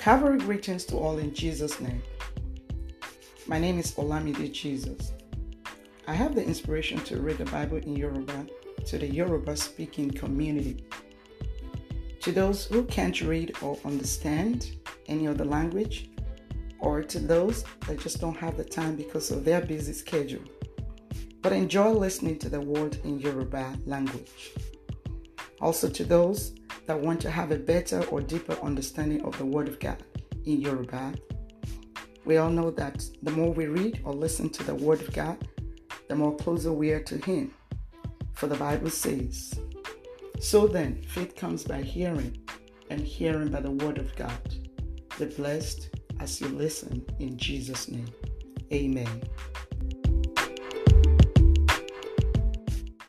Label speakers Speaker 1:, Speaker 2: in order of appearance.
Speaker 1: Calvary greetings to all in Jesus' name. My name is Olamide Jesus. I have the inspiration to read the Bible in Yoruba to the Yoruba speaking community. To those who can't read or understand any other language, or to those that just don't have the time because of their busy schedule, but enjoy listening to the word in Yoruba language. Also, to those that want to have a better or deeper understanding of the Word of God in Yoruba. We all know that the more we read or listen to the Word of God, the more closer we are to Him. For the Bible says, So then, faith comes by hearing, and hearing by the Word of God. Be blessed as you listen in Jesus' name. Amen.